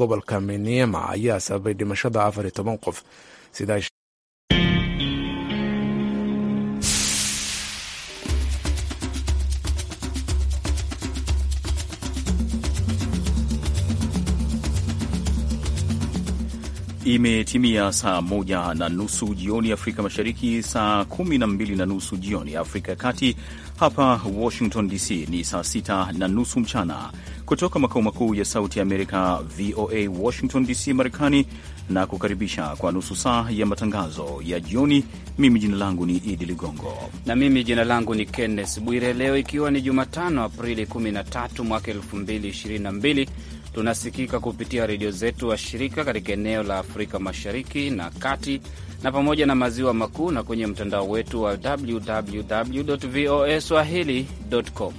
gobolka Maniema ayaa sababay dhimashada afar iyo toban qof sidaa Imetimia saa moja na nusu jioni Afrika Mashariki, saa kumi na mbili na nusu jioni Afrika ya Kati. Hapa Washington DC ni saa sita na nusu mchana kutoka makao makuu ya Sauti ya Amerika, VOA Washington DC, Marekani, na kukaribisha kwa nusu saa ya matangazo ya jioni. Mimi jina langu ni Idi Ligongo na mimi jina langu ni Kenneth Bwire. Leo ikiwa ni Jumatano, Aprili 13 mwaka 2022 tunasikika kupitia redio zetu wa shirika katika eneo la Afrika Mashariki na Kati na pamoja na maziwa makuu na kwenye mtandao wetu wa www voa swahili.com.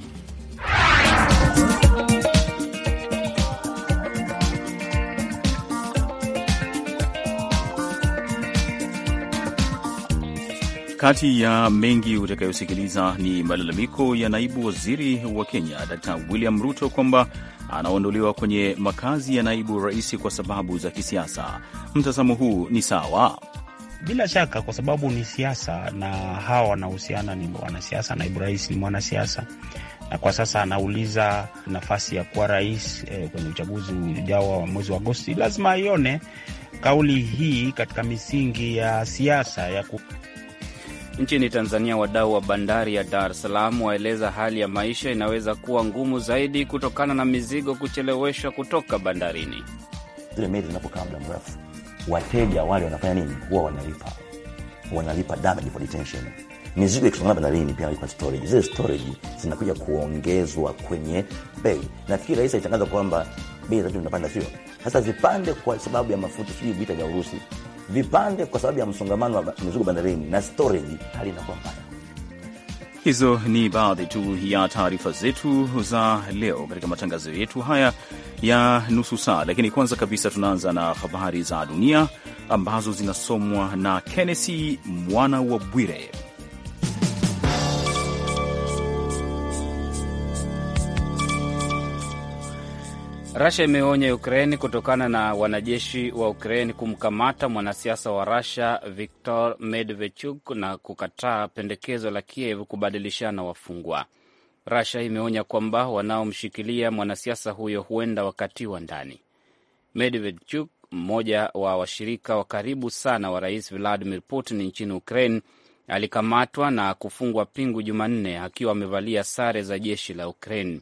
Kati ya mengi utakayosikiliza ni malalamiko ya naibu waziri wa Kenya Dr William Ruto kwamba anaondolewa kwenye makazi ya naibu rais kwa sababu za kisiasa. Mtazamo huu ni sawa? Bila shaka, kwa sababu ni siasa na hawa wanahusiana, ni wanasiasa. Naibu rais ni mwanasiasa, na kwa sasa anauliza nafasi ya kuwa rais eh, kwenye uchaguzi ujao wa mwezi wa Agosti. Lazima aione kauli hii katika misingi ya siasa ya ku Nchini Tanzania, wadau wa bandari ya Dar es Salaam waeleza hali ya maisha inaweza kuwa ngumu zaidi kutokana na mizigo kucheleweshwa kutoka bandarini. Zile meli zinapokaa muda mrefu, wateja wale wanafanya nini? Huwa wanalipa wanalipa damage for detention. Mizigo ikisongana bandarini pia nalipa storage. Zile storage zinakuja kuongezwa kwenye bei. Nafikiri Rais alitangaza kwamba bei za vitu vinapanda, sio? Sasa zipande kwa sababu ya mafuta, sijui vita vya Urusi vipande kwa sababu ya msongamano wa mizigo bandarini na storage, hali inakuwa mbaya. Hizo ni baadhi tu ya taarifa zetu za leo katika matangazo yetu haya ya nusu saa, lakini kwanza kabisa tunaanza na habari za dunia ambazo zinasomwa na Kennesi Mwana wa Bwire. Rasia imeonya Ukraini kutokana na wanajeshi wa Ukraini kumkamata mwanasiasa wa Rasia Viktor Medvedchuk na kukataa pendekezo la Kiev kubadilishana wafungwa. Rasia imeonya kwamba wanaomshikilia mwanasiasa huyo huenda wakatiwa ndani. Medvedchuk, mmoja wa washirika wa karibu sana wa rais Vladimir Putin nchini Ukraine, alikamatwa na kufungwa pingu Jumanne akiwa amevalia sare za jeshi la Ukraine.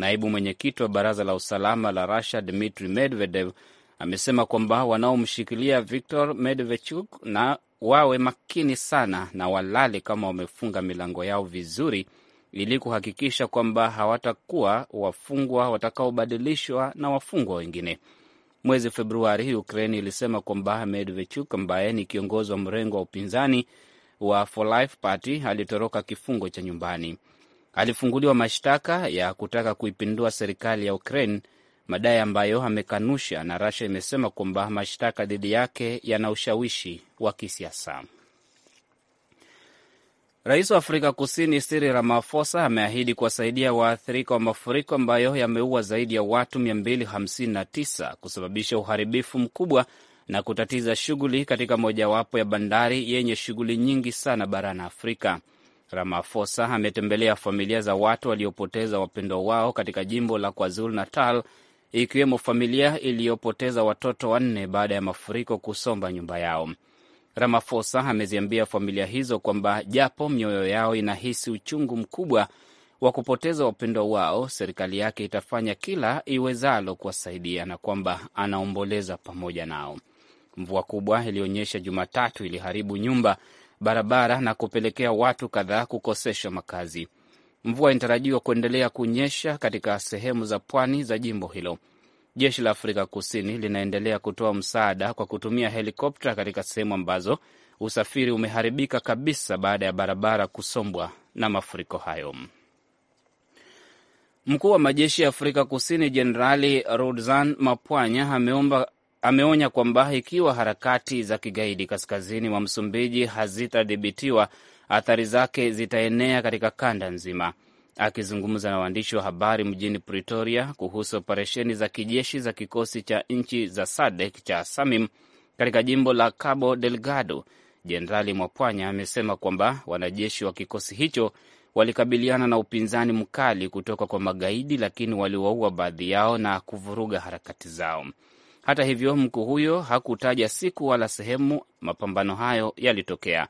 Naibu mwenyekiti wa baraza la usalama la Rusia Dmitri Medvedev amesema kwamba wanaomshikilia Viktor Medvedchuk na wawe makini sana na walale kama wamefunga milango yao vizuri, ili kuhakikisha kwamba hawatakuwa wafungwa watakaobadilishwa na wafungwa wengine. Mwezi Februari, ukrain ilisema kwamba Medvedchuk ambaye ni kiongozi wa mrengo wa upinzani wa For Life Party alitoroka kifungo cha nyumbani alifunguliwa mashtaka ya kutaka kuipindua serikali ya Ukraine, madai ambayo amekanusha, na Russia imesema kwamba mashtaka dhidi yake yana ushawishi wa kisiasa. Rais wa Afrika Kusini Cyril Ramaphosa ameahidi kuwasaidia waathirika wa mafuriko ambayo yameua zaidi ya watu 259 kusababisha uharibifu mkubwa na kutatiza shughuli katika mojawapo ya bandari yenye shughuli nyingi sana barani Afrika. Ramaphosa ametembelea familia za watu waliopoteza wapendwa wao katika jimbo la KwaZulu Natal, ikiwemo familia iliyopoteza watoto wanne baada ya mafuriko kusomba nyumba yao. Ramaphosa ameziambia familia hizo kwamba japo mioyo yao inahisi uchungu mkubwa wa kupoteza wapendwa wao, serikali yake itafanya kila iwezalo kuwasaidia na kwamba anaomboleza pamoja nao. Mvua kubwa iliyonyesha Jumatatu iliharibu nyumba barabara na kupelekea watu kadhaa kukosesha makazi. Mvua inatarajiwa kuendelea kunyesha katika sehemu za pwani za jimbo hilo. Jeshi la Afrika Kusini linaendelea kutoa msaada kwa kutumia helikopta katika sehemu ambazo usafiri umeharibika kabisa baada ya barabara kusombwa na mafuriko hayo. Mkuu wa majeshi ya Afrika Kusini Jenerali Rudzan Mapwanya ameomba ameonya kwamba ikiwa harakati za kigaidi kaskazini mwa Msumbiji hazitadhibitiwa, athari zake zitaenea katika kanda nzima. Akizungumza na waandishi wa habari mjini Pretoria kuhusu operesheni za kijeshi za kikosi cha nchi za SADEK cha SAMIM katika jimbo la Cabo Delgado, Jenerali Mwapwanya amesema kwamba wanajeshi wa kikosi hicho walikabiliana na upinzani mkali kutoka kwa magaidi, lakini waliwaua baadhi yao na kuvuruga harakati zao. Hata hivyo, mkuu huyo hakutaja siku wala sehemu mapambano hayo yalitokea.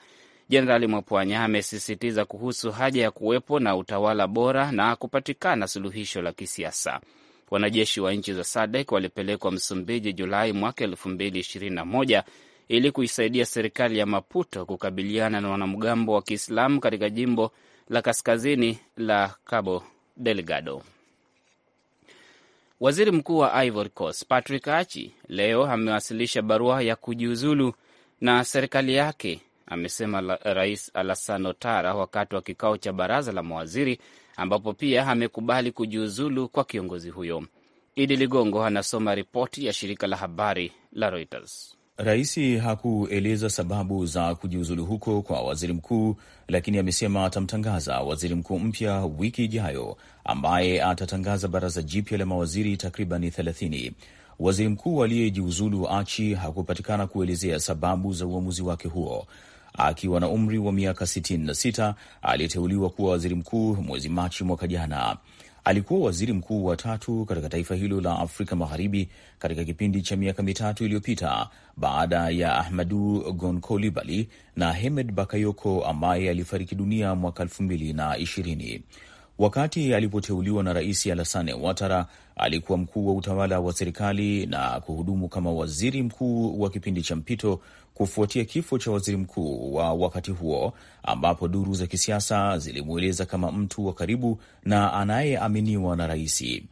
Jenerali Mwapwanya amesisitiza kuhusu haja ya kuwepo na utawala bora na kupatikana suluhisho la kisiasa. Wanajeshi wa nchi za sadek walipelekwa Msumbiji Julai mwaka 2021 ili kuisaidia serikali ya Maputo kukabiliana na wanamgambo wa Kiislamu katika jimbo la kaskazini la Cabo Delgado. Waziri mkuu wa Ivory Coast Patrick Achi leo amewasilisha barua ya kujiuzulu na serikali yake, amesema la, Rais Alassane Ouattara wakati wa kikao cha baraza la mawaziri, ambapo pia amekubali kujiuzulu kwa kiongozi huyo. Idi Ligongo anasoma ripoti ya shirika la habari la Reuters. Raisi hakueleza sababu za kujiuzulu huko kwa waziri mkuu, lakini amesema atamtangaza waziri mkuu mpya wiki ijayo, ambaye atatangaza baraza jipya la mawaziri takribani thelathini. Waziri mkuu aliyejiuzulu Achi hakupatikana kuelezea sababu za uamuzi wake huo. Akiwa na umri wa miaka 66 aliteuliwa kuwa waziri mkuu mwezi Machi mwaka jana. Alikuwa waziri mkuu wa tatu katika taifa hilo la Afrika Magharibi katika kipindi cha miaka mitatu iliyopita baada ya Ahmadu Gonkolibali na Hemed Bakayoko ambaye alifariki dunia mwaka elfu mbili na ishirini. Wakati alipoteuliwa na Rais Alassane Ouattara, alikuwa mkuu wa utawala wa serikali na kuhudumu kama waziri mkuu wa kipindi cha mpito kufuatia kifo cha waziri mkuu wa wakati huo, ambapo duru za kisiasa zilimweleza kama mtu wa karibu na anayeaminiwa na raisi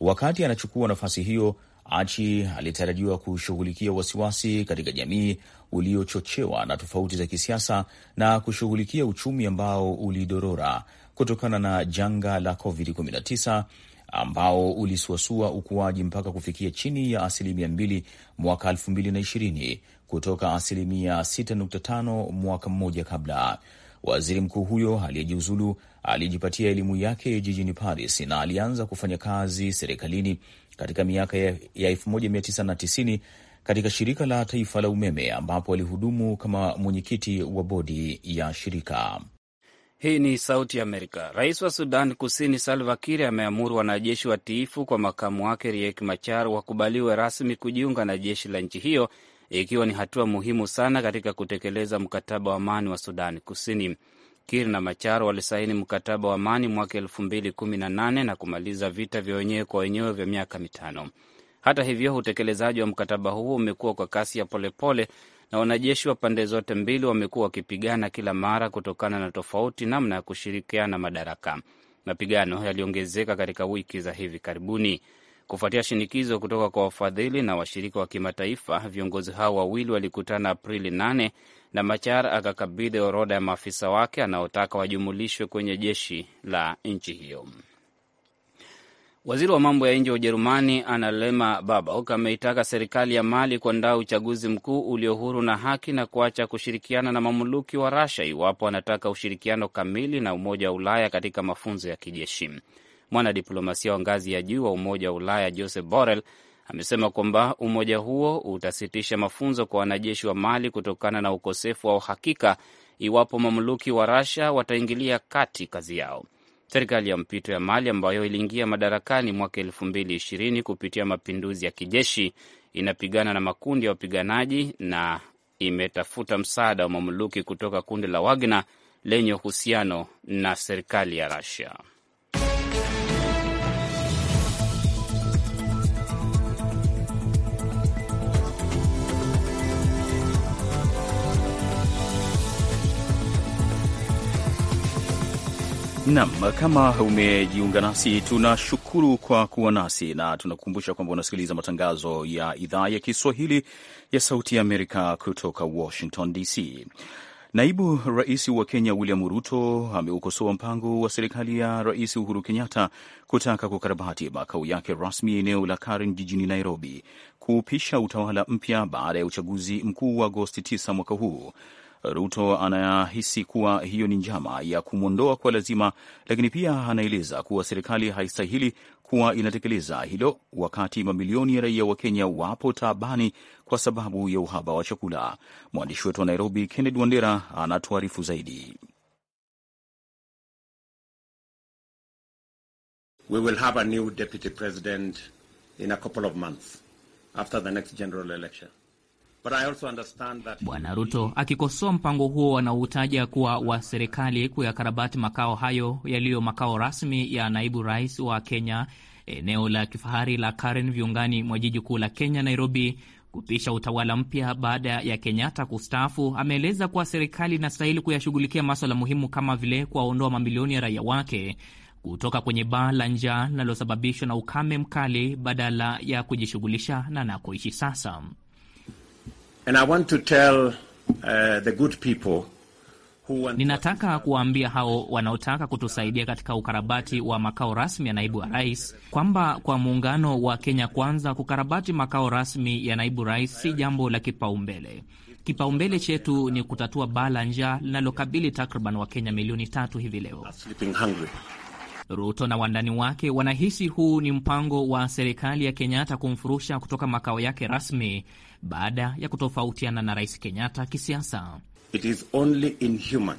Wakati anachukua nafasi hiyo, Achi alitarajiwa kushughulikia wasiwasi katika jamii uliochochewa na tofauti za kisiasa na kushughulikia uchumi ambao ulidorora kutokana na janga la COVID-19 ambao ulisuasua ukuaji mpaka kufikia chini ya asilimia mbili mwaka elfu mbili na ishirini kutoka asilimia 6.5 mwaka mmoja kabla. Waziri mkuu huyo aliyejiuzulu alijipatia elimu yake jijini Paris na alianza kufanya kazi serikalini katika miaka ya 1990 katika shirika la taifa la umeme ambapo alihudumu kama mwenyekiti wa bodi ya shirika. Hii ni Sauti Amerika. Rais wa Sudan Kusini Salva Kiir ameamuru wanajeshi watiifu kwa makamu wake Riek Machar wakubaliwe rasmi kujiunga na jeshi la nchi hiyo ikiwa ni hatua muhimu sana katika kutekeleza mkataba wa amani wa Sudani Kusini. kir na Machar walisaini mkataba wa amani mwaka elfu mbili kumi na nane na kumaliza vita vya wenyewe kwa wenyewe vya miaka mitano. Hata hivyo, utekelezaji wa mkataba huo umekuwa kwa kasi ya polepole pole, na wanajeshi wa pande zote mbili wamekuwa wakipigana kila mara kutokana na tofauti namna ya kushirikiana madaraka. Mapigano yaliongezeka katika wiki za hivi karibuni. Kufuatia shinikizo kutoka kwa wafadhili na washirika wa kimataifa, viongozi hao wawili walikutana Aprili 8 na Machar akakabidhi orodha ya maafisa wake anaotaka wajumulishwe kwenye jeshi la nchi hiyo. Waziri wa mambo ya nje wa Ujerumani analema Babok ameitaka serikali ya Mali kuandaa uchaguzi mkuu ulio huru na haki na kuacha kushirikiana na mamluki wa rasha iwapo anataka ushirikiano kamili na Umoja wa Ulaya katika mafunzo ya kijeshi mwanadiplomasia wa ngazi ya juu wa Umoja wa Ulaya Joseph Borrell amesema kwamba umoja huo utasitisha mafunzo kwa wanajeshi wa Mali kutokana na ukosefu wa uhakika iwapo mamluki wa Rasha wataingilia kati kazi yao. Serikali ya mpito ya Mali ambayo iliingia madarakani mwaka elfu mbili ishirini kupitia mapinduzi ya kijeshi inapigana na makundi ya wapiganaji na imetafuta msaada wa mamluki kutoka kundi la Wagner lenye uhusiano na serikali ya Rasia. Nam, kama umejiunga nasi, tunashukuru kwa kuwa nasi na tunakukumbusha kwamba unasikiliza matangazo ya idhaa ya Kiswahili ya Sauti ya Amerika kutoka Washington DC. Naibu rais wa Kenya William Ruto ameukosoa mpango wa serikali ya Rais Uhuru Kenyatta kutaka kukarabati makao yake rasmi eneo la Karen jijini Nairobi kuupisha utawala mpya baada ya uchaguzi mkuu wa Agosti 9 mwaka huu. Ruto anahisi kuwa hiyo ni njama ya kumwondoa kwa lazima, lakini pia anaeleza kuwa serikali haistahili kuwa inatekeleza hilo wakati mamilioni ya raia wa Kenya wapo taabani kwa sababu ya uhaba wa chakula. Mwandishi wetu wa Nairobi, Kennedy Wandera, anatuarifu zaidi. We will have a new deputy president in a couple of months after the next general election. Bwana Ruto akikosoa mpango huo anaoutaja kuwa wa serikali kuyakarabati makao hayo yaliyo makao rasmi ya naibu rais wa Kenya, eneo la kifahari la Karen viungani mwa jiji kuu la Kenya, Nairobi, kupisha utawala mpya baada ya Kenyatta kustaafu, ameeleza kuwa serikali inastahili kuyashughulikia maswala muhimu kama vile kuwaondoa mamilioni ya raia wake kutoka kwenye baa la njaa linalosababishwa na ukame mkali badala ya kujishughulisha na nakoishi sasa. And I want to tell, uh, the good people who... Ninataka kuwaambia hao wanaotaka kutusaidia katika ukarabati wa makao rasmi ya naibu wa rais kwamba kwa muungano wa Kenya Kwanza, kukarabati makao rasmi ya naibu rais si jambo la kipaumbele. Kipaumbele chetu ni kutatua baa la njaa linalokabili takriban Wakenya milioni tatu hivi leo. Ruto na wandani wake wanahisi huu ni mpango wa serikali ya Kenyatta kumfurusha kutoka makao yake rasmi baada ya kutofautiana na Rais Kenyatta kisiasa. It is only inhuman.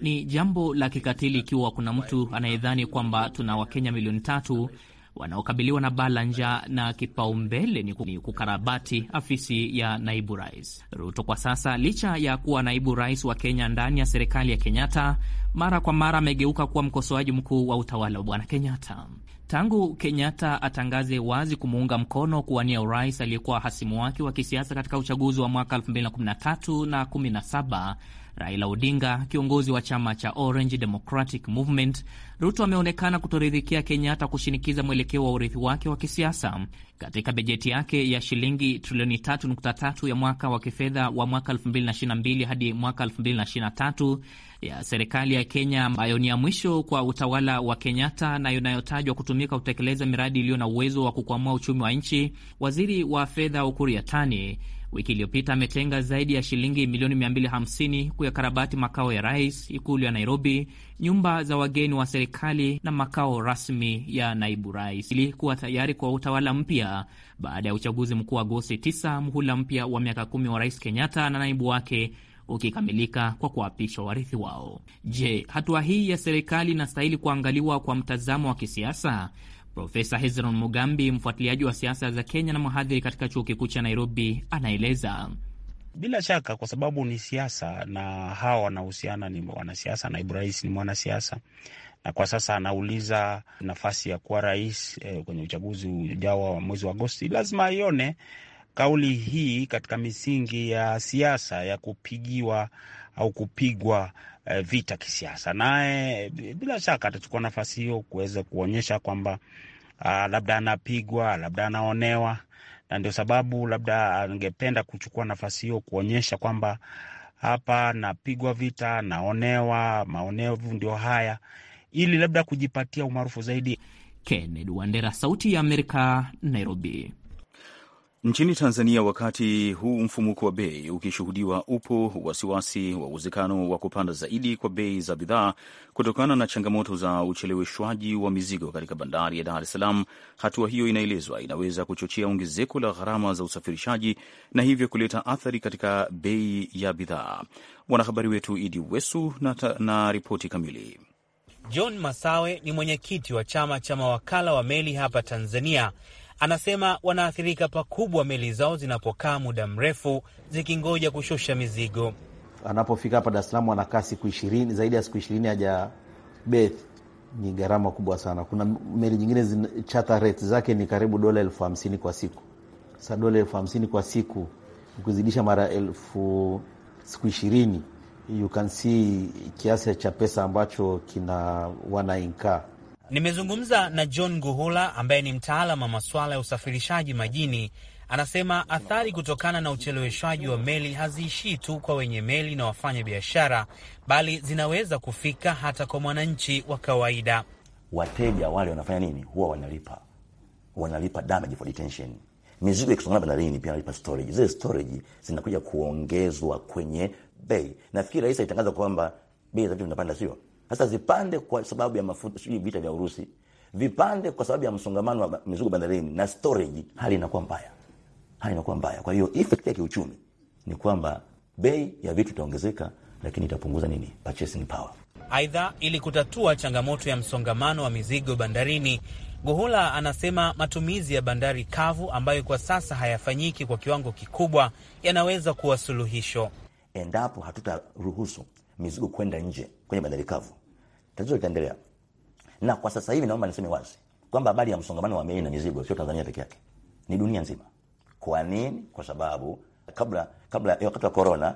ni jambo la kikatili ikiwa kuna mtu anayedhani kwamba tuna Wakenya milioni tatu wanaokabiliwa na baa la njaa na kipaumbele ni kukarabati afisi ya naibu rais. Ruto kwa sasa, licha ya kuwa naibu rais wa Kenya ndani ya serikali ya Kenyatta, mara kwa mara amegeuka kuwa mkosoaji mkuu wa utawala wa bwana Kenyatta. Tangu Kenyatta atangaze wazi kumuunga mkono kuwania urais aliyekuwa hasimu wake wa kisiasa katika uchaguzi wa mwaka 2013 na 17 Raila Odinga, kiongozi wa chama cha Orange Democratic Movement, Ruto ameonekana kutoridhikia Kenyatta kushinikiza mwelekeo wa urithi wake wa kisiasa. Katika bajeti yake ya shilingi trilioni 3.3 ya mwaka wa kifedha wa mwaka 2022 hadi mwaka 2023 ya serikali ya Kenya, ambayo ni ya mwisho kwa utawala wa Kenyatta na inayotajwa kutumika kutekeleza miradi iliyo na uwezo wa kukwamua uchumi wa nchi, waziri wa fedha Ukur Yatani Wiki iliyopita ametenga zaidi ya shilingi milioni 250 kuyakarabati makao ya rais, ikulu ya Nairobi, nyumba za wageni wa serikali na makao rasmi ya naibu rais ili kuwa tayari kwa utawala mpya baada ya uchaguzi mkuu wa Agosti 9, mhula mpya wa miaka kumi wa rais Kenyatta na naibu wake ukikamilika kwa kuapishwa warithi wao. Je, hatua hii ya serikali inastahili kuangaliwa kwa mtazamo wa kisiasa? Profesa Hezron Mugambi, mfuatiliaji wa siasa za Kenya na mhadhiri katika chuo kikuu cha Nairobi, anaeleza. Bila shaka kwa sababu ni siasa na hawa wanahusiana, ni wanasiasa. Naibu rais ni mwanasiasa, na kwa sasa anauliza nafasi ya kuwa rais eh, kwenye uchaguzi ujao wa mwezi wa Agosti. Lazima aione kauli hii katika misingi ya siasa ya kupigiwa au kupigwa eh, vita kisiasa, naye bila shaka atachukua nafasi hiyo kuweza kuonyesha kwamba ah, labda anapigwa, labda anaonewa, na ndio sababu labda angependa kuchukua nafasi hiyo kuonyesha kwamba hapa napigwa vita, naonewa, maonevu ndio haya, ili labda kujipatia umaarufu zaidi. Kennedy Wandera, Sauti ya Amerika, Nairobi. Nchini Tanzania, wakati huu mfumuko wa bei ukishuhudiwa, upo wasiwasi wa uwezekano wa kupanda zaidi kwa bei za bidhaa kutokana na changamoto za ucheleweshwaji wa mizigo katika bandari ya Dar es Salaam. Hatua hiyo inaelezwa inaweza kuchochea ongezeko la gharama za usafirishaji na hivyo kuleta athari katika bei ya bidhaa. Mwanahabari wetu Idi Wesu na, na ripoti kamili. John Masawe ni mwenyekiti wa chama cha mawakala wa meli hapa Tanzania Anasema wanaathirika pakubwa meli zao zinapokaa muda mrefu zikingoja kushusha mizigo. Anapofika hapa Dar es Salaam anakaa siku ishirini, zaidi ya siku ishirini haja beth. Ni gharama kubwa sana. Kuna meli nyingine charter rate zake ni karibu dola elfu hamsini kwa siku. sa dola elfu hamsini kwa siku ukizidisha mara elfu siku ishirini you can see kiasi cha pesa ambacho kina wanainkaa Nimezungumza na John guhula ambaye ni mtaalamu wa masuala ya usafirishaji majini. Anasema athari kutokana na ucheleweshwaji wa meli haziishii tu kwa wenye meli na wafanya biashara, bali zinaweza kufika hata kwa mwananchi wa kawaida. Wateja wale wanafanya nini? Huwa wanalipa wanalipa damage for detention. Mizigo ikisongana bandarini pia wanalipa storage. Zile storage zinakuja kuongezwa kwenye bei. Nafikiri Rais alitangaza kwamba bei za vitu vinapanda, sio? hasa zipande kwa sababu ya mafuta, sijui vita vya Urusi, vipande kwa sababu ya msongamano wa mizigo bandarini na storage, hali inakuwa mbaya, hali inakuwa mbaya. Kwa hiyo effect ya kiuchumi ni kwamba bei ya vitu itaongezeka, lakini itapunguza nini? Purchasing power. Aidha, ili kutatua changamoto ya msongamano wa mizigo bandarini, guhula anasema matumizi ya bandari kavu ambayo kwa sasa hayafanyiki kwa kiwango kikubwa yanaweza kuwa suluhisho, endapo hatutaruhusu mizigo kwenda nje kwenye bandari kavu tatizo litaendelea. Na kwa sasa hivi naomba niseme wazi kwamba habari ya msongamano wa meli na mizigo sio Tanzania peke yake, ni dunia nzima. Kwa nini? Kwa sababu kabla kabla ya wakati wa korona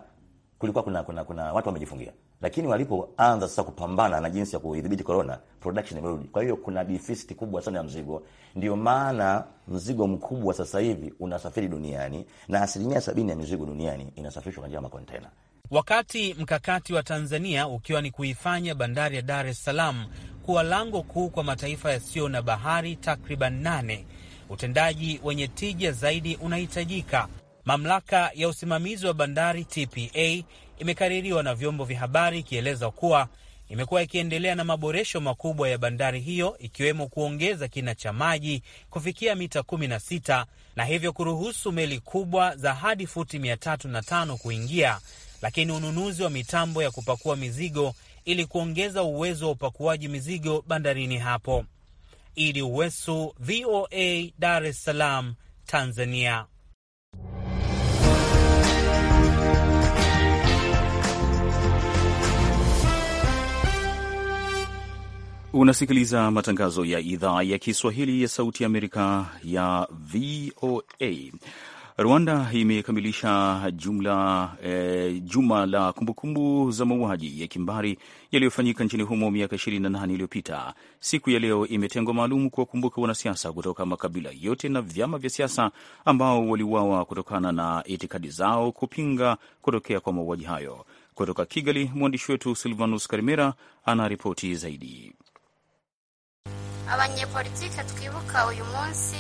kulikuwa kuna, kuna, kuna watu wamejifungia, lakini walipoanza sasa kupambana na jinsi ya kudhibiti corona, production imerudi. Kwa hiyo kuna deficit kubwa sana ya mzigo, ndio maana mzigo mkubwa sasa hivi unasafiri duniani na asilimia sabini ya mizigo duniani inasafirishwa kwa njia ya makontena wakati mkakati wa Tanzania ukiwa ni kuifanya bandari ya Dar es Salaam kuwa lango kuu kwa mataifa yasiyo na bahari takriban nane. Utendaji wenye tija zaidi unahitajika. Mamlaka ya usimamizi wa bandari TPA imekaririwa na vyombo vya habari ikieleza kuwa imekuwa ikiendelea na maboresho makubwa ya bandari hiyo ikiwemo kuongeza kina cha maji kufikia mita 16 na hivyo kuruhusu meli kubwa za hadi futi 305 kuingia lakini ununuzi wa mitambo ya kupakua mizigo ili kuongeza uwezo wa upakuaji mizigo bandarini hapo. Idi Uwesu, VOA, Dar es Salaam, Tanzania. Unasikiliza matangazo ya idhaa ya Kiswahili ya Sauti ya Amerika ya VOA. Rwanda imekamilisha jumla e, juma la kumbukumbu za mauaji ya kimbari yaliyofanyika nchini humo miaka 28 iliyopita. Siku ya leo imetengwa maalum kuwakumbuka wanasiasa kutoka makabila yote na vyama vya siasa ambao waliuawa kutokana na itikadi zao kupinga kutokea kwa mauaji hayo. Kutoka Kigali, mwandishi wetu Silvanus Karimera ana ripoti zaidi. Abanyepolitiki twibuka uyu munsi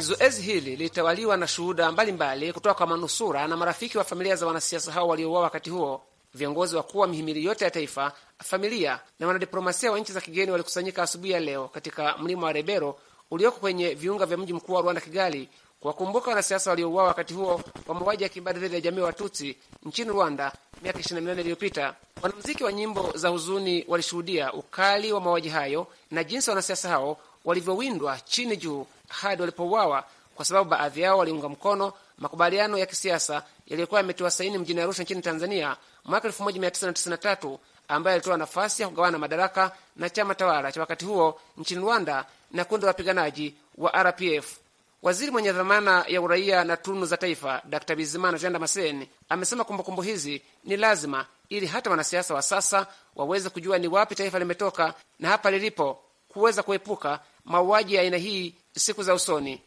Zoezi hili lilitawaliwa na shuhuda mbalimbali kutoka kwa manusura na marafiki wa familia za wanasiasa hao waliouawa wakati huo. Viongozi wakuu wa mihimili yote ya taifa, familia na wanadiplomasia wa nchi za kigeni walikusanyika asubuhi ya leo katika mlima wa Rebero ulioko kwenye viunga vya mji mkuu wa Rwanda, Kigali, kuwakumbuka wanasiasa waliouawa wakati huo wa mauaji ya kimbari dhidi ya jamii wa Tutsi nchini Rwanda miaka 28 iliyopita. Wanamuziki wa nyimbo za huzuni walishuhudia ukali wa mauaji hayo na jinsi wanasiasa hao walivyowindwa chini juu hadi walipouawa kwa sababu baadhi yao waliunga mkono makubaliano ya kisiasa yaliyokuwa yametiwa saini mjini Arusha nchini Tanzania mwaka 1993 ambayo yalitoa nafasi ya kugawana madaraka na chama tawala cha wakati huo nchini Rwanda na kundi la wapiganaji wa RPF. Waziri mwenye dhamana ya uraia na tunu za taifa d Bizimana Jean Damascene amesema kumbukumbu hizi ni lazima ili hata wanasiasa wa sasa waweze kujua ni wapi taifa limetoka na hapa lilipo, kuweza kuepuka mauaji ya aina hii siku za usoni.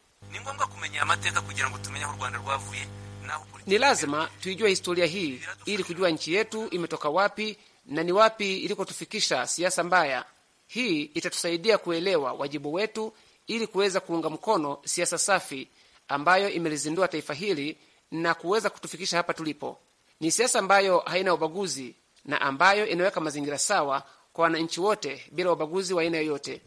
Ni lazima tuijue historia hii ili kujua nchi yetu imetoka wapi na ni wapi ilikotufikisha siasa mbaya. Hii itatusaidia kuelewa wajibu wetu ili kuweza kuunga mkono siasa safi ambayo imelizindua taifa hili na kuweza kutufikisha hapa tulipo. Ni siasa ambayo haina ubaguzi na ambayo inaweka mazingira sawa kwa wananchi wote bila ubaguzi wa aina yoyote.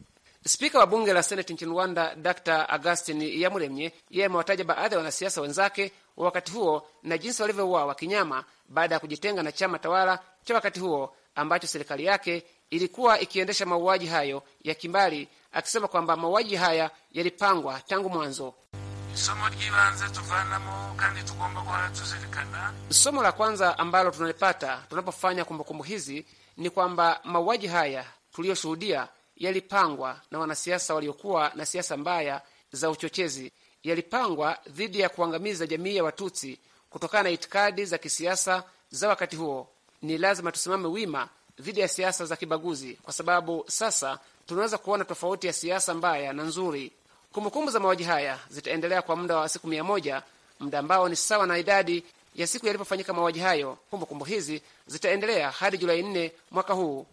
Spika wa bunge la seneti nchini Rwanda, Dr Augustin Yamuremye, yeye amewataja baadhi ya wanasiasa wenzake wa wakati huo na jinsi walivyouawa kinyama baada ya kujitenga na chama tawala cha wakati huo ambacho serikali yake ilikuwa ikiendesha mauaji hayo ya kimbali, akisema kwamba mauaji haya yalipangwa tangu mwanzo. Somo la kwanza ambalo tunalipata tunapofanya kumbukumbu hizi ni kwamba mauaji haya tuliyoshuhudia yalipangwa na wanasiasa waliokuwa na siasa mbaya za uchochezi, yalipangwa dhidi ya kuangamiza jamii ya Watutsi kutokana na itikadi za kisiasa za wakati huo. Ni lazima tusimame wima dhidi ya siasa za kibaguzi, kwa sababu sasa tunaweza kuona tofauti ya siasa mbaya na nzuri. Kumbukumbu za mauaji haya zitaendelea kwa muda wa siku mia moja, muda ambao ni sawa na idadi ya siku yalipofanyika mauaji hayo. Kumbukumbu hizi zitaendelea hadi Julai 4 mwaka huu.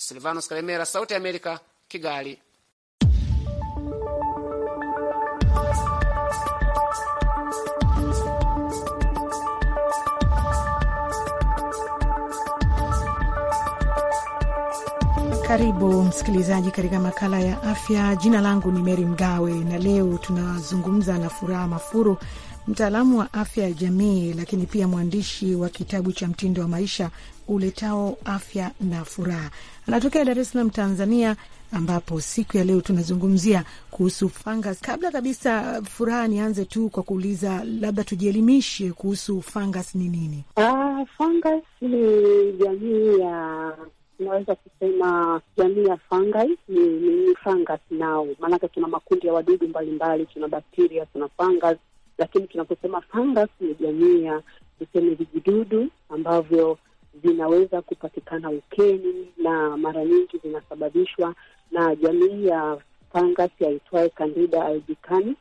Silvanos Kalemera, Sauti ya Amerika, Kigali. Karibu msikilizaji katika makala ya afya. Jina langu ni Meri Mgawe na leo tunazungumza na Furaha Mafuru mtaalamu wa afya ya jamii, lakini pia mwandishi wa kitabu cha mtindo wa maisha uletao afya na furaha. Anatokea Dar es Salaam, Tanzania, ambapo siku ya leo tunazungumzia kuhusu fungus. Kabla kabisa, Furaha, nianze tu kwa kuuliza, labda tujielimishe kuhusu fungus ni nini? Uh, fungus ni jamii ya tunaweza kusema jamii ya fangai ni, ni fangas nao, maanake tuna makundi ya wadudu mbalimbali, tuna bakteria, tuna fangas, lakini tunaposema fungus ni jamii ya tuseme vijidudu ambavyo vinaweza kupatikana ukeni na mara nyingi vinasababishwa na jamii ya fungus yaitwaye Candida albicans.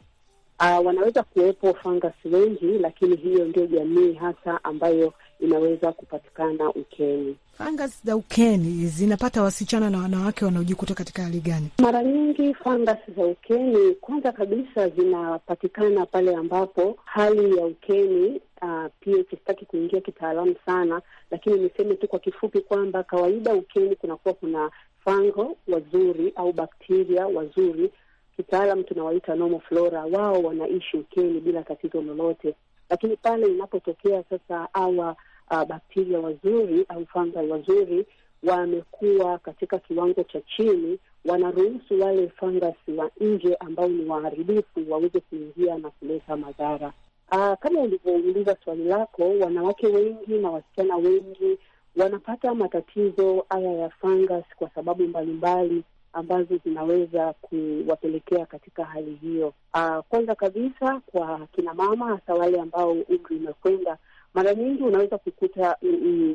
Uh, wanaweza kuwepo fungus wengi, lakini hiyo ndio jamii hasa ambayo inaweza kupatikana ukeni. Fungus za ukeni zinapata wasichana na wanawake wanaojikuta katika hali gani? Mara nyingi fungus za ukeni, kwanza kabisa, zinapatikana pale ambapo hali ya ukeni Uh, pia sitaki kuingia kitaalamu sana, lakini niseme tu kwa kifupi kwamba kawaida ukeni kunakuwa kuna fango wazuri au bakteria wazuri, kitaalam tunawaita normal flora, wao wanaishi ukeni bila tatizo lolote. Lakini pale inapotokea sasa hawa uh, bakteria wazuri au fungi wazuri wamekuwa katika kiwango cha chini, wanaruhusu wale fangasi wa nje ambao ni waharibifu waweze kuingia na kuleta madhara. Aa, uh, kama ulivyouliza swali lako, wanawake wengi na wasichana wengi wanapata matatizo haya ya fangas kwa sababu mbalimbali ambazo zinaweza kuwapelekea katika hali hiyo. Aa, uh, kwanza kabisa kwa kina mama, hasa wale ambao umri umekwenda mara nyingi unaweza kukuta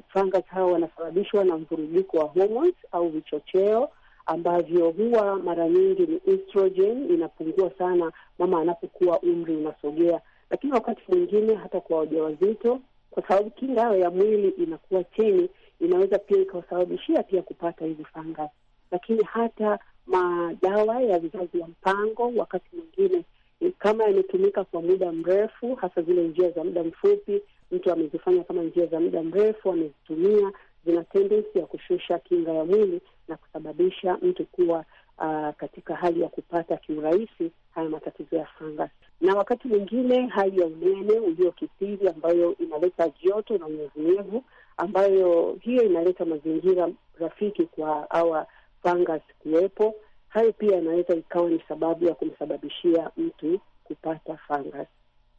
fanga hao wanasababishwa na mvurudiko wa hormones au vichocheo ambavyo huwa mara nyingi ni estrogen inapungua sana mama anapokuwa umri unasogea, lakini wakati mwingine hata kwa wajawazito, kwa sababu kinga yao ya mwili inakuwa chini, inaweza pia ikawasababishia pia kupata hizi fanga Lakini hata madawa ya vizazi ya mpango wakati mwingine eh, kama yametumika kwa muda mrefu, hasa zile njia za muda mfupi mtu amezifanya kama njia za muda mrefu, amezitumia, zina tendensi ya kushusha kinga ya mwili na kusababisha mtu kuwa uh, katika hali ya kupata kiurahisi haya matatizo ya fungus, na wakati mwingine hali ya unene uliokithiri ambayo inaleta joto na unyevunyevu, ambayo hiyo inaleta mazingira rafiki kwa hawa fungus kuwepo. Hayo pia inaweza ikawa ni sababu ya kumsababishia mtu kupata fungus,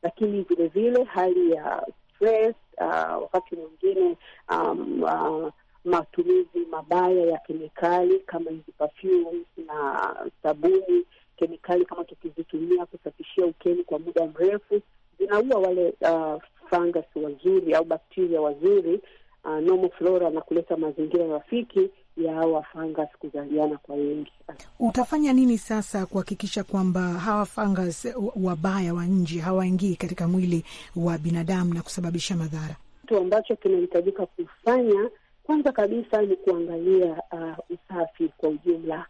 lakini vilevile hali ya stress, uh, wakati mwingine um, uh, matumizi mabaya ya kemikali kama hizi perfumes na sabuni. Kemikali kama tukizitumia kusafishia ukeni kwa muda mrefu zinaua wale uh, fungus wazuri au bakteria wazuri uh, normal flora na kuleta mazingira rafiki ya hawa fangas kuzaliana kwa wingi. Utafanya nini sasa kuhakikisha kwamba hawa fangas wabaya wa nje hawaingii katika mwili wa binadamu na kusababisha madhara? Kitu ambacho kinahitajika kufanya kwanza kabisa ni kuangalia uh, usafi kwa ujumla.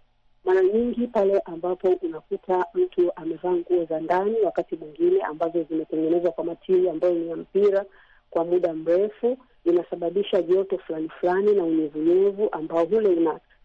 Mara nyingi pale ambapo unakuta mtu amevaa nguo za ndani, wakati mwingine ambazo zimetengenezwa kwa matiri ambayo ni ya mpira kwa muda mrefu inasababisha joto fulani fulani na unyevunyevu ambao hule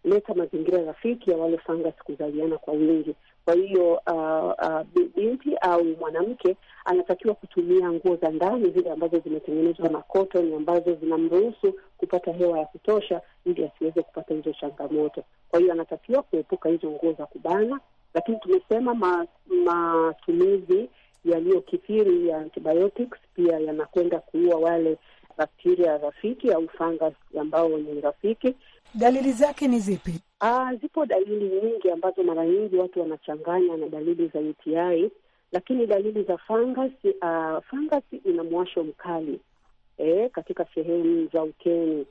unaleta mazingira rafiki ya wale fungus kuzaliana kwa wingi. Kwa hiyo uh, uh, binti au mwanamke anatakiwa kutumia nguo za ndani zile ambazo zimetengenezwa na cotton ambazo zinamruhusu kupata hewa ya kutosha ili asiweze kupata hizo changamoto. Kwa hiyo anatakiwa kuepuka hizo nguo za kubana, lakini tumesema matumizi ma yaliyokithiri ya antibiotics pia yanakwenda kuua wale bakteria rafiki au fungus ambao ni rafiki. Dalili zake ni zipi? Aa, ah, zipo dalili nyingi ambazo mara nyingi watu wanachanganya na dalili za UTI, lakini dalili za fungus, uh, fungus ina mwasho mkali e, katika sehemu za ukeni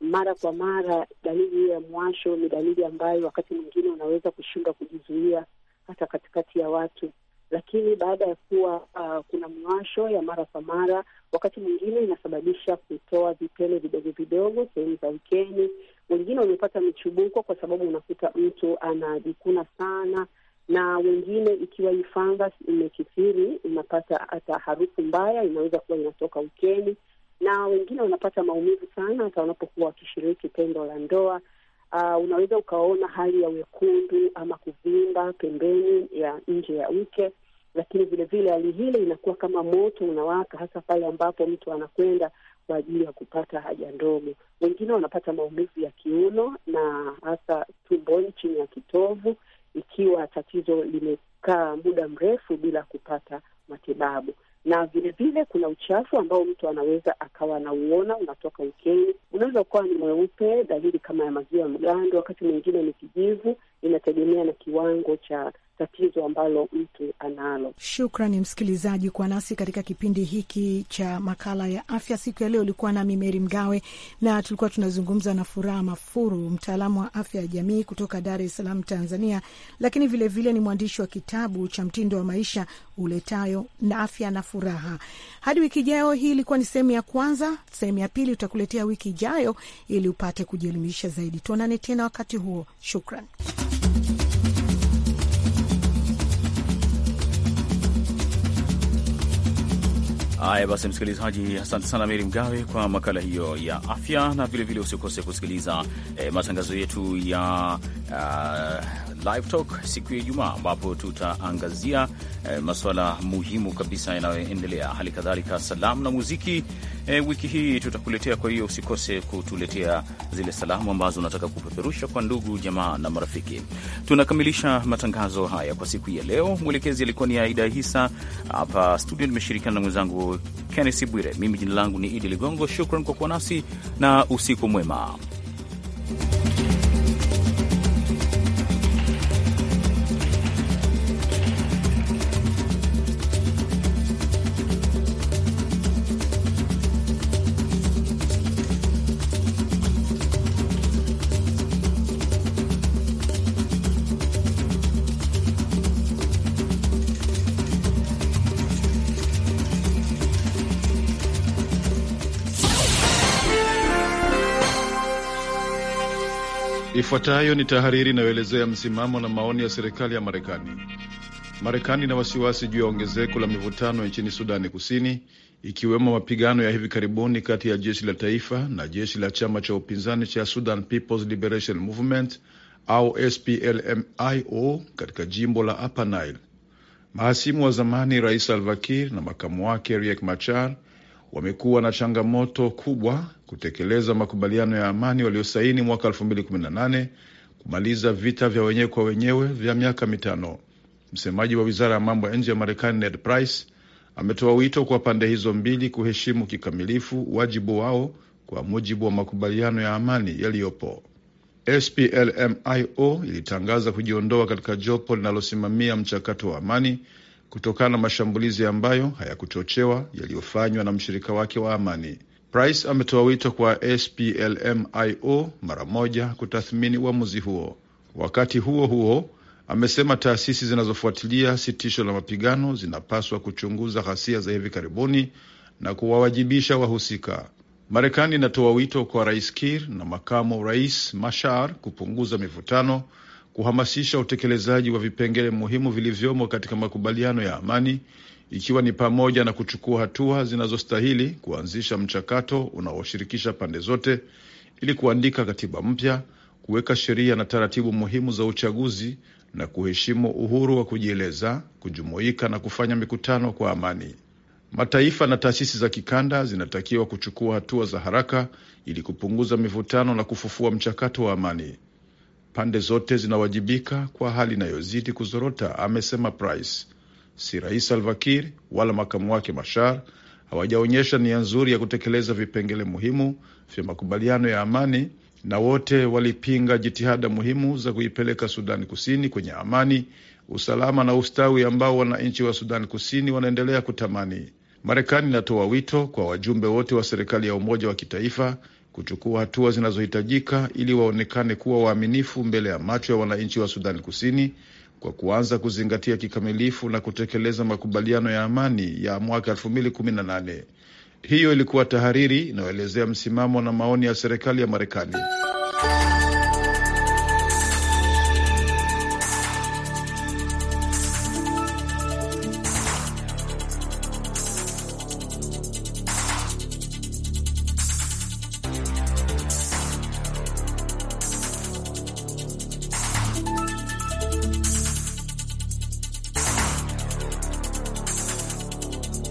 mara kwa mara. Dalili hiyo ya mwasho ni dalili ambayo wakati mwingine unaweza kushindwa kujizuia hata katikati ya watu lakini baada ya kuwa uh, kuna mwasho ya mara kwa mara, wakati mwingine inasababisha kutoa vipele vidogo vidogo sehemu za ukeni. Wengine wamepata michubuko kwa sababu unakuta mtu anajikuna sana, na wengine ikiwa hii fungus imekithiri, unapata hata harufu mbaya inaweza kuwa inatoka ukeni, na wengine wanapata maumivu sana hata wanapokuwa wakishiriki tendo la ndoa. Uh, unaweza ukaona hali ya wekundu ama kuvimba pembeni ya nje ya uke lakini vilevile hali hile inakuwa kama moto unawaka, hasa pale ambapo mtu anakwenda kwa ajili ya kupata haja ndogo. Wengine wanapata maumivu ya kiuno na hasa tumboni, chini ya kitovu, ikiwa tatizo limekaa muda mrefu bila kupata matibabu na vilevile vile kuna uchafu ambao mtu anaweza akawa anauona unatoka ukeni. Unaweza kuwa ni mweupe, dalili kama ya maziwa mgando, wakati mwingine ni kijivu, inategemea na kiwango cha tatizo ambalo mtu analo. Shukrani msikilizaji kwa nasi katika kipindi hiki cha makala ya afya siku ya leo. Ulikuwa nami Meri Mgawe na tulikuwa tunazungumza na Furaha Mafuru, mtaalamu wa afya ya jamii kutoka Dar es Salaam, Tanzania, lakini vilevile vile ni mwandishi wa kitabu cha Mtindo wa Maisha Uletayo na Afya na Furaha. Hadi wiki ijayo. Hii ilikuwa ni sehemu ya kwanza. Sehemu ya pili utakuletea wiki ijayo, ili upate kujielimisha zaidi. Tuonane tena wakati huo, shukran. Haya basi, msikilizaji, asante sana Meri Mgawe kwa makala hiyo ya afya, na vilevile usikose kusikiliza eh, matangazo yetu ya uh, Live Talk siku ya Ijumaa, ambapo tutaangazia e, eh, masuala muhimu kabisa yanayoendelea, hali kadhalika salamu na muziki. E, wiki hii tutakuletea, kwa hiyo usikose kutuletea zile salamu ambazo unataka kupeperusha kwa ndugu jamaa na marafiki. Tunakamilisha matangazo haya kwa siku ya leo. Mwelekezi alikuwa ni Aida Hisa, hapa studio nimeshirikiana na mwenzangu Kennesi Bwire. Mimi jina langu ni Idi Ligongo, shukran kwa kuwa nasi na usiku mwema. Ifuatayo ni tahariri inayoelezea msimamo na maoni ya serikali ya Marekani. Marekani ina wasiwasi juu ya ongezeko la mivutano nchini Sudani Kusini, ikiwemo mapigano ya hivi karibuni kati ya jeshi la taifa na jeshi la chama cha upinzani cha Sudan People's Liberation Movement au SPLMIO katika jimbo la Upper Nile. Mahasimu wa zamani Rais Salva Kiir na makamu wake Riek Machar wamekuwa na changamoto kubwa kutekeleza makubaliano ya amani waliosaini mwaka 2018 kumaliza vita vya wenyewe kwa wenyewe vya miaka mitano. Msemaji wa wizara ya mambo ya nje ya Marekani Ned Price ametoa wito kwa pande hizo mbili kuheshimu kikamilifu wajibu wao kwa mujibu wa makubaliano ya amani yaliyopo. SPLMIO ilitangaza kujiondoa katika jopo linalosimamia mchakato wa amani kutokana na mashambulizi ambayo hayakuchochewa yaliyofanywa na mshirika wake wa amani. Price ametoa wito kwa SPLMIO mara moja kutathmini uamuzi huo. Wakati huo huo, amesema taasisi zinazofuatilia sitisho la mapigano zinapaswa kuchunguza ghasia za hivi karibuni na kuwawajibisha wahusika. Marekani inatoa wito kwa Rais Kiir na makamu rais Machar kupunguza mivutano, kuhamasisha utekelezaji wa vipengele muhimu vilivyomo katika makubaliano ya amani ikiwa ni pamoja na kuchukua hatua zinazostahili kuanzisha mchakato unaoshirikisha pande zote ili kuandika katiba mpya, kuweka sheria na taratibu muhimu za uchaguzi na kuheshimu uhuru wa kujieleza, kujumuika na kufanya mikutano kwa amani. Mataifa na taasisi za kikanda zinatakiwa kuchukua hatua za haraka ili kupunguza mivutano na kufufua mchakato wa amani. Pande zote zinawajibika kwa hali inayozidi kuzorota, amesema Price. Si Rais Salva Kiir wala makamu wake mashar hawajaonyesha nia nzuri ya kutekeleza vipengele muhimu vya makubaliano ya amani, na wote walipinga jitihada muhimu za kuipeleka Sudani Kusini kwenye amani, usalama na ustawi ambao wananchi wa Sudani Kusini wanaendelea kutamani. Marekani inatoa wito kwa wajumbe wote wa serikali ya umoja wa kitaifa kuchukua hatua zinazohitajika ili waonekane kuwa waaminifu mbele ya macho ya wananchi wa Sudani Kusini kwa kuanza kuzingatia kikamilifu na kutekeleza makubaliano ya amani ya mwaka 2018. Hiyo ilikuwa tahariri inayoelezea msimamo na maoni ya serikali ya Marekani.